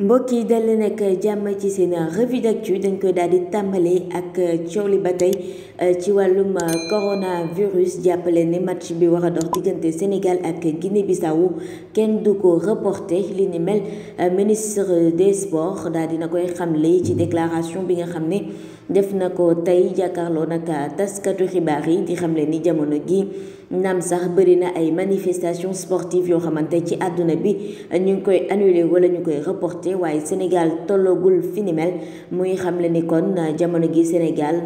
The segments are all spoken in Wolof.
mbokk yi dal leen ak jàmm ci seen revue d'actu dañ koy daal di tàmbale ak coow li ba tey euh, ci wàllum euh, coronavirus jàppale ni match bi war a dox diggante Sénégal ak Guinée Bissau kenn du ko reporté li ni mel euh, ministre des sports daal dina koy xamle ci déclaration bi nga xam ne. def na ko tey jàkkaarloo nag taskatu xibaar yi di xamle ni jamono gi naam sax bëri na ay manifestations sportives yoo xamante ci àdduna bi ñu ngi koy annulé wala ñu koy reporté waaye Sénégal tollagul fi ni mel muy xamle ni kon jamono gi Sénégal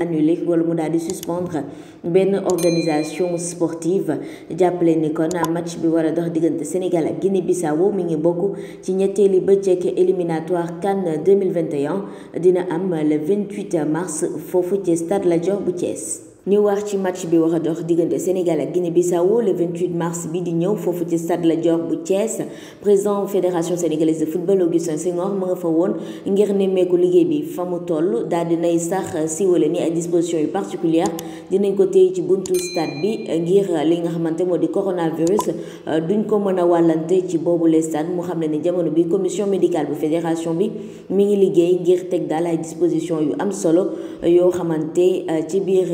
annulé wala mu daal di suspendre ben organisation sportive jàppale ni kon match bi war a dox diggante Sénégal ak Guinée Bissau mi ngi bokk ci ñetteeli bëccëg éliminatoire CAN 2021 dina am le 28 mars fêter la stade La la Thiès ñu wax ci match bi dox Sénégal ak Guinée-Bissau le 28 mars bi di ñëw fofu ci stade Lat bu Thiès président fédération sénégalaise de football Augustin Senghor ma nga fa woon ngir nemmeeku liggéey bi famu toll daal dinay sax siwolé ni à disposition particulière dinañ ko téy ci buntu stade bi ngir li nga xamanté modi coronavirus duñ ko mëna walanté ci bobu les stade mu xamné ni jamono bi commission médicale bu fédération bi mi ngi liggéey ngir disposition daal ay dispositions yu am solo yo xamanté ci biir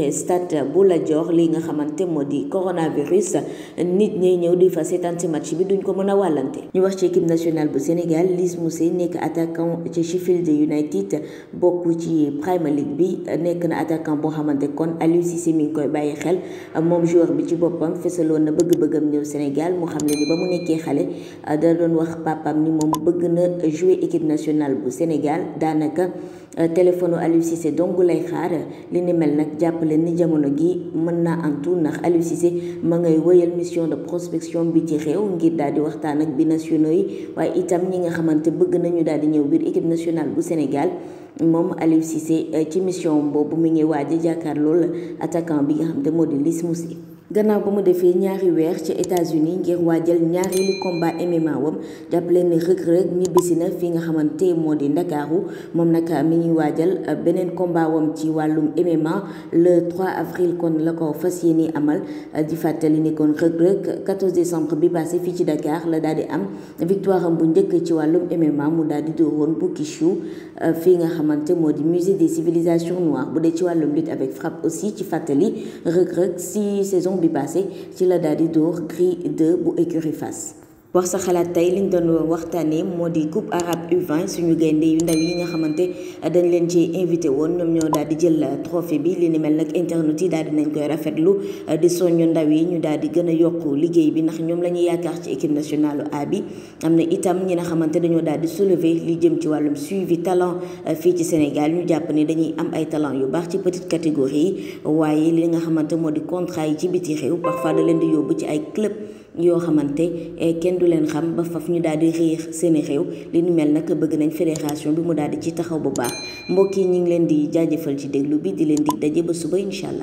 stade bu Dior li nga xamanté modi coronavirus nit ñi ñëw di fa anti match bi duñ ko mëna walanté ñu wax ci équipe nationale bu Sénégal Lys n'est qu'attaquant attaquant ci Sheffield United bokku ci Premier League bi nekk na attaquant bo xamanté kon Aliou Cissé mi ngi koy xel mom joueur bi ci bopam fesaloon na bëgg-bëggam Sénégal mu xam ni ba mu xalé da doon wax papam ni mom bëgg na jouer équipe nationale bu Sénégal danaka téléphone Aliou Cissé dong lay xaar li ni mel nak jappalé ni jamono gi mën naa antu ndax Aliou Cissé ma ngay wëyal mission de prospection bi ci réew ngir daal di waxtaan ak bi nationaux yi waaye itam ñi nga xamante bëgg nañu daal di ñëw biir équipe nationale bu Sénégal moom Aliou Cissé ci mission boobu mi ngi waaj a jàkkaarloo la attaquant bi nga xam te moo ganaw bamu defé ñaari wër ci États-Unis ngir waajal combat MMA wam jàppale ni Reug Reug ni na fi nga xamanté moo di mom nak waajal benen combat wam ci walum MMA le 3 avril kon la ko amal di fatali ni kon Reug Reug 14 décembre bi passé fi ci Dakar la dadi am victoire am bu njëkk ci walum MMA mu do won bu kishu euh, fi nga xamanté musée des civilisations noires bu dé ci walum lutte avec frappe aussi ci fatali Reug Reug si saison bi passé ci la daal di Gris 2 bu écurie face wax sa xalat tay liñ doon coupe arabe U20 suñu avons ndaw yi nga dañ leen ci invité woon ñom ñoo daal di trophée bi li ni mel internet yi daal di nañ koy rafetlu di ndaw yi ñu daal di équipe nationale suivi talent euh, fi ci Sénégal ñu dañuy am talent yu parti petite catégorie waye li nga xamanté contrat parfois club yoo xamante eh, kenn du leen xam ba faf ñu daal di réer seeni réew li nu mel nag bëgg nañ fédération bi mu daal di ci taxaw bu baax mbokk yi ñu ngi leen di jaajëfal ci déglu bi di leen dig daje ba suba incha